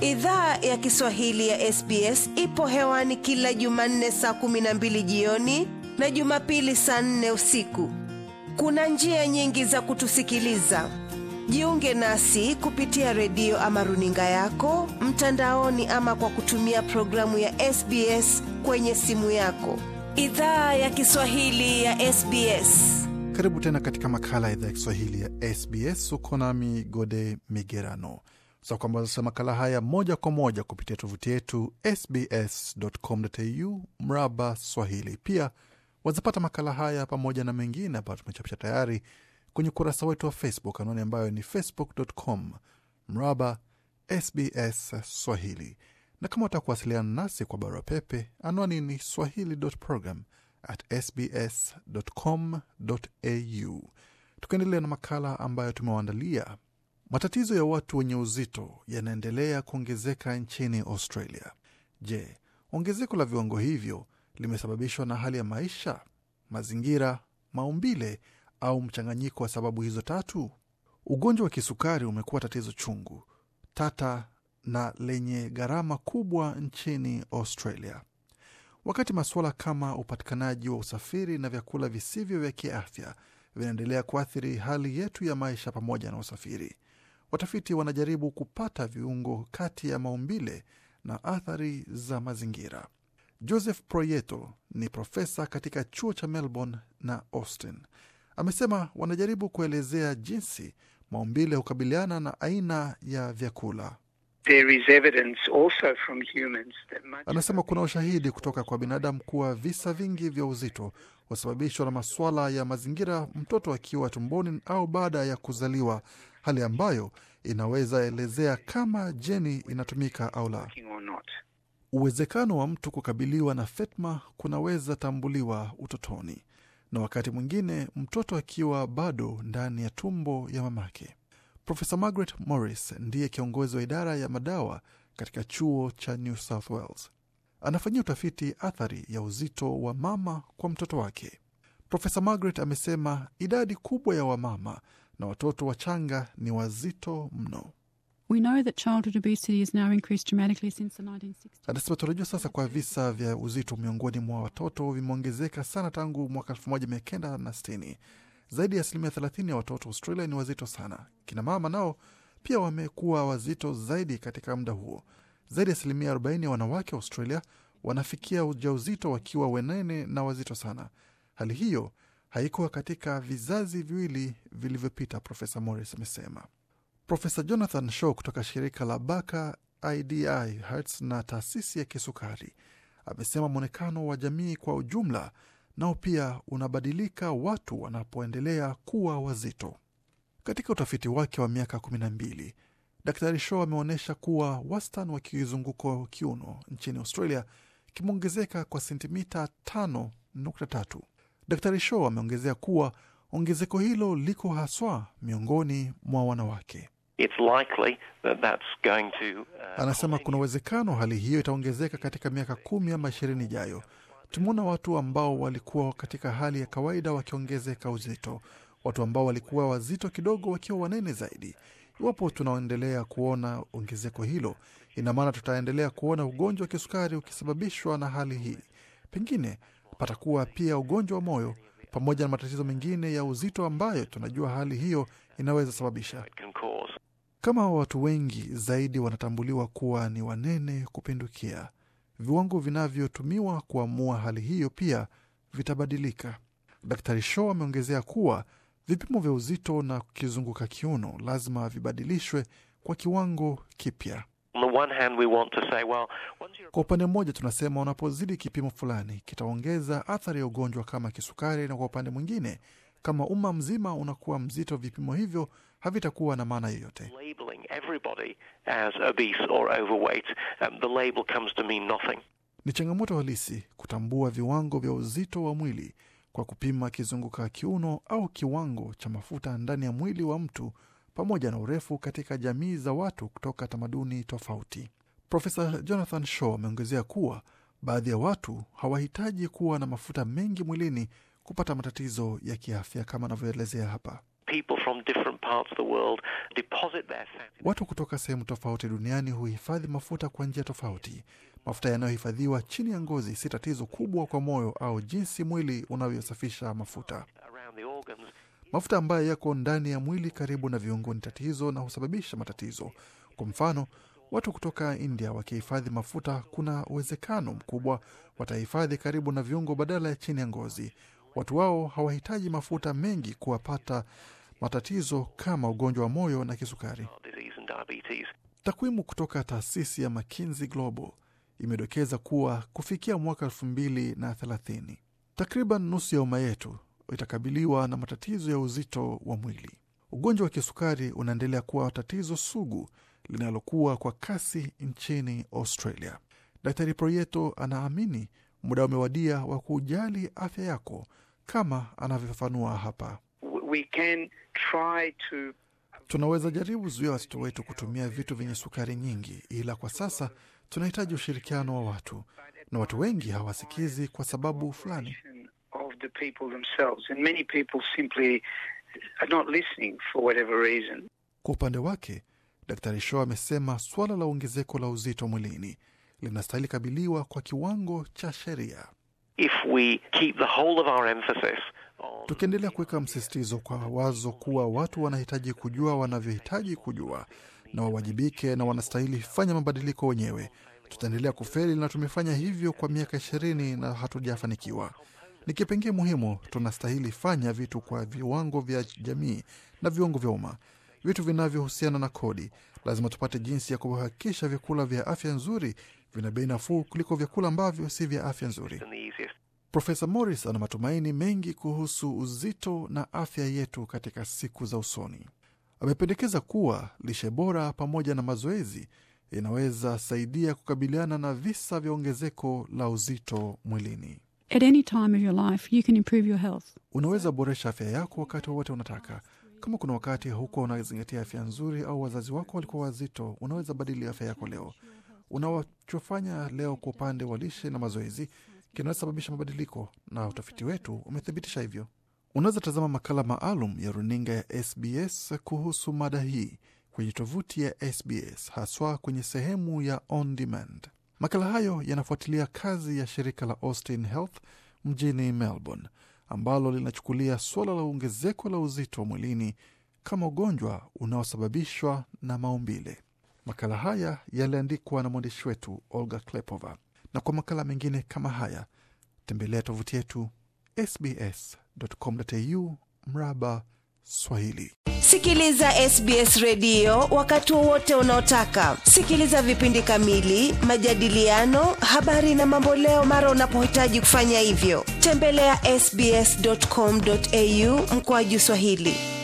Idhaa ya Kiswahili ya SBS ipo hewani kila Jumanne saa kumi na mbili jioni na Jumapili saa nne usiku. Kuna njia nyingi za kutusikiliza. Jiunge nasi kupitia redio ama runinga yako mtandaoni, ama kwa kutumia programu ya SBS kwenye simu yako. Idhaa ya Kiswahili ya SBS. Karibu tena katika makala ya idhaa ya Kiswahili ya SBS. Uko nami Gode Migerano za sasa makala haya moja kwa moja kupitia tovuti yetu sbs.com.au mraba Swahili. Pia wazapata makala haya pamoja na mengine ambayo tumechapisha tayari kwenye ukurasa wetu wa Facebook, anwani ambayo ni facebook.com mraba SBS Swahili. Na kama watakuwasiliana kuwasiliana nasi kwa barua pepe, anwani ni swahili.program at sbs.com.au. Tukaendelea na makala ambayo tumewaandalia Matatizo ya watu wenye uzito yanaendelea kuongezeka nchini Australia. Je, ongezeko la viwango hivyo limesababishwa na hali ya maisha, mazingira, maumbile au mchanganyiko wa sababu hizo tatu? Ugonjwa wa kisukari umekuwa tatizo chungu, tata na lenye gharama kubwa nchini Australia. Wakati masuala kama upatikanaji wa usafiri na vyakula visivyo vya kiafya vinaendelea kuathiri hali yetu ya maisha pamoja na usafiri watafiti wanajaribu kupata viungo kati ya maumbile na athari za mazingira. Joseph Proieto ni profesa katika chuo cha Melbourne na Austin. Amesema wanajaribu kuelezea jinsi maumbile hukabiliana na aina ya vyakula. Anasema kuna ushahidi kutoka kwa binadamu kuwa visa vingi vya uzito husababishwa na masuala ya mazingira, mtoto akiwa tumboni au baada ya kuzaliwa, hali ambayo inaweza elezea kama jeni inatumika au la. Uwezekano wa mtu kukabiliwa na fetma kunaweza tambuliwa utotoni, na wakati mwingine mtoto akiwa bado ndani ya tumbo ya mamake. Profesa Margaret Morris ndiye kiongozi wa idara ya madawa katika chuo cha New South Wales. Anafanyia utafiti athari ya uzito wa mama kwa mtoto wake. Profesa Margaret amesema idadi kubwa ya wamama na watoto wachanga ni wazito mno. Anasema tunajua sasa kwa visa vya uzito miongoni mwa watoto vimeongezeka sana tangu mwaka zaidi ya asilimia 30 ya watoto Australia ni wazito sana. Kina mama nao pia wamekuwa wazito zaidi katika muda huo. Zaidi ya asilimia 40 ya wanawake wa Australia wanafikia ujauzito wakiwa wenene na wazito sana. Hali hiyo haikuwa katika vizazi viwili vilivyopita, Profesa Morris amesema. Profesa Jonathan Shaw kutoka shirika la Baka IDI Hertz na taasisi ya kisukari amesema mwonekano wa jamii kwa ujumla nao pia unabadilika watu wanapoendelea kuwa wazito. Katika utafiti wake wa miaka 12 Daktari Shaw ameonyesha kuwa wastani wa kizunguko kiuno nchini Australia kimeongezeka kwa sentimita 5.3. Daktari Shaw ameongezea kuwa ongezeko hilo liko haswa miongoni mwa wanawake. It's likely that that's going to, uh, anasema kuna uwezekano hali hiyo itaongezeka katika miaka kumi ama ishirini ijayo Tumeona watu ambao walikuwa katika hali ya kawaida wakiongezeka uzito, watu ambao walikuwa wazito kidogo wakiwa wanene zaidi. Iwapo tunaendelea kuona ongezeko hilo, ina maana tutaendelea kuona ugonjwa wa kisukari ukisababishwa na hali hii. Pengine patakuwa pia ugonjwa wa moyo pamoja na matatizo mengine ya uzito ambayo tunajua hali hiyo inaweza sababisha. Kama watu wengi zaidi wanatambuliwa kuwa ni wanene kupindukia, viwango vinavyotumiwa kuamua hali hiyo pia vitabadilika. dr Shaw ameongezea kuwa vipimo vya uzito na kizunguka kiuno lazima vibadilishwe kwa kiwango kipya. kwa upande mmoja tunasema unapozidi kipimo fulani kitaongeza athari ya ugonjwa kama kisukari, na kwa upande mwingine, kama umma mzima unakuwa mzito, vipimo hivyo havitakuwa na maana yoyote everybody as obese or overweight, um, the label comes to mean nothing. Ni changamoto halisi kutambua viwango vya uzito wa mwili kwa kupima kizunguka kiuno au kiwango cha mafuta ndani ya mwili wa mtu pamoja na urefu katika jamii za watu kutoka tamaduni tofauti. Profesa Jonathan Shaw ameongezea kuwa baadhi ya watu hawahitaji kuwa na mafuta mengi mwilini kupata matatizo ya kiafya kama anavyoelezea hapa watu kutoka sehemu tofauti duniani huhifadhi mafuta kwa njia tofauti. Mafuta yanayohifadhiwa chini ya ngozi si tatizo kubwa kwa moyo au jinsi mwili unavyosafisha mafuta. Mafuta ambayo yako ndani ya mwili karibu na viungo ni tatizo na husababisha matatizo. Kwa mfano, watu kutoka India wakihifadhi mafuta, kuna uwezekano mkubwa watahifadhi karibu na viungo badala ya chini ya ngozi. Watu wao hawahitaji mafuta mengi kuwapata matatizo kama ugonjwa wa moyo na kisukari. Takwimu kutoka taasisi ya McKinsey Global imedokeza kuwa kufikia mwaka elfu mbili na thelathini takriban nusu ya umma yetu itakabiliwa na matatizo ya uzito wa mwili. Ugonjwa wa kisukari unaendelea kuwa tatizo sugu linalokuwa kwa kasi nchini Australia. Daktari Proyeto anaamini muda umewadia wa kujali afya yako kama anavyofafanua hapa. We can try to... tunaweza jaribu zuia watoto wetu kutumia vitu vyenye sukari nyingi, ila kwa sasa tunahitaji ushirikiano wa watu, na watu wengi hawasikizi kwa sababu fulani. Kwa upande wake, Daktari Shaw amesema suala la ongezeko la uzito mwilini linastahili kabiliwa kwa kiwango cha sheria if we keep the whole of our emphasis tukiendelea kuweka msisitizo kwa wazo kuwa watu wanahitaji kujua wanavyohitaji kujua na wawajibike na wanastahili fanya mabadiliko wenyewe, tutaendelea kufeli, na tumefanya hivyo kwa miaka ishirini na hatujafanikiwa. Ni kipengee muhimu. Tunastahili fanya vitu kwa viwango vya jamii na viwango vya umma, vitu vinavyohusiana na kodi. Lazima tupate jinsi ya kuhakikisha vyakula vya afya nzuri vina bei nafuu kuliko vyakula ambavyo si vya afya nzuri. Profesa Morris ana matumaini mengi kuhusu uzito na afya yetu katika siku za usoni. Amependekeza kuwa lishe bora pamoja na mazoezi inaweza saidia kukabiliana na visa vya ongezeko la uzito mwilini. At any time of your life, you can improve your health. Unaweza boresha afya yako wakati wowote unataka. Kama kuna wakati hukuwa unazingatia afya nzuri au wazazi wako walikuwa wazito, unaweza badili afya yako leo. Unawachofanya leo kwa upande wa lishe na mazoezi kinaweza mabadiliko na utafiti wetu umethibitisha hivyo. Unaweza tazama makala maalum ya runinga ya SBS kuhusu mada hii kwenye tovuti ya SBS, haswa kwenye sehemu ya on demand. Makala hayo yanafuatilia kazi ya shirika la Austin Health mjini Melbourne, ambalo linachukulia suala la ongezeko la uzito mwilini kama ugonjwa unaosababishwa na maumbile. Makala haya yaliandikwa na mwandishi wetu Olga Klepova na kwa makala mengine kama haya tembelea tovuti yetu sbs.com.au mraba Swahili. Sikiliza SBS redio wakati wowote unaotaka. Sikiliza vipindi kamili, majadiliano, habari na mamboleo mara unapohitaji kufanya hivyo. Tembelea ya sbs.com.au mkoaju Swahili.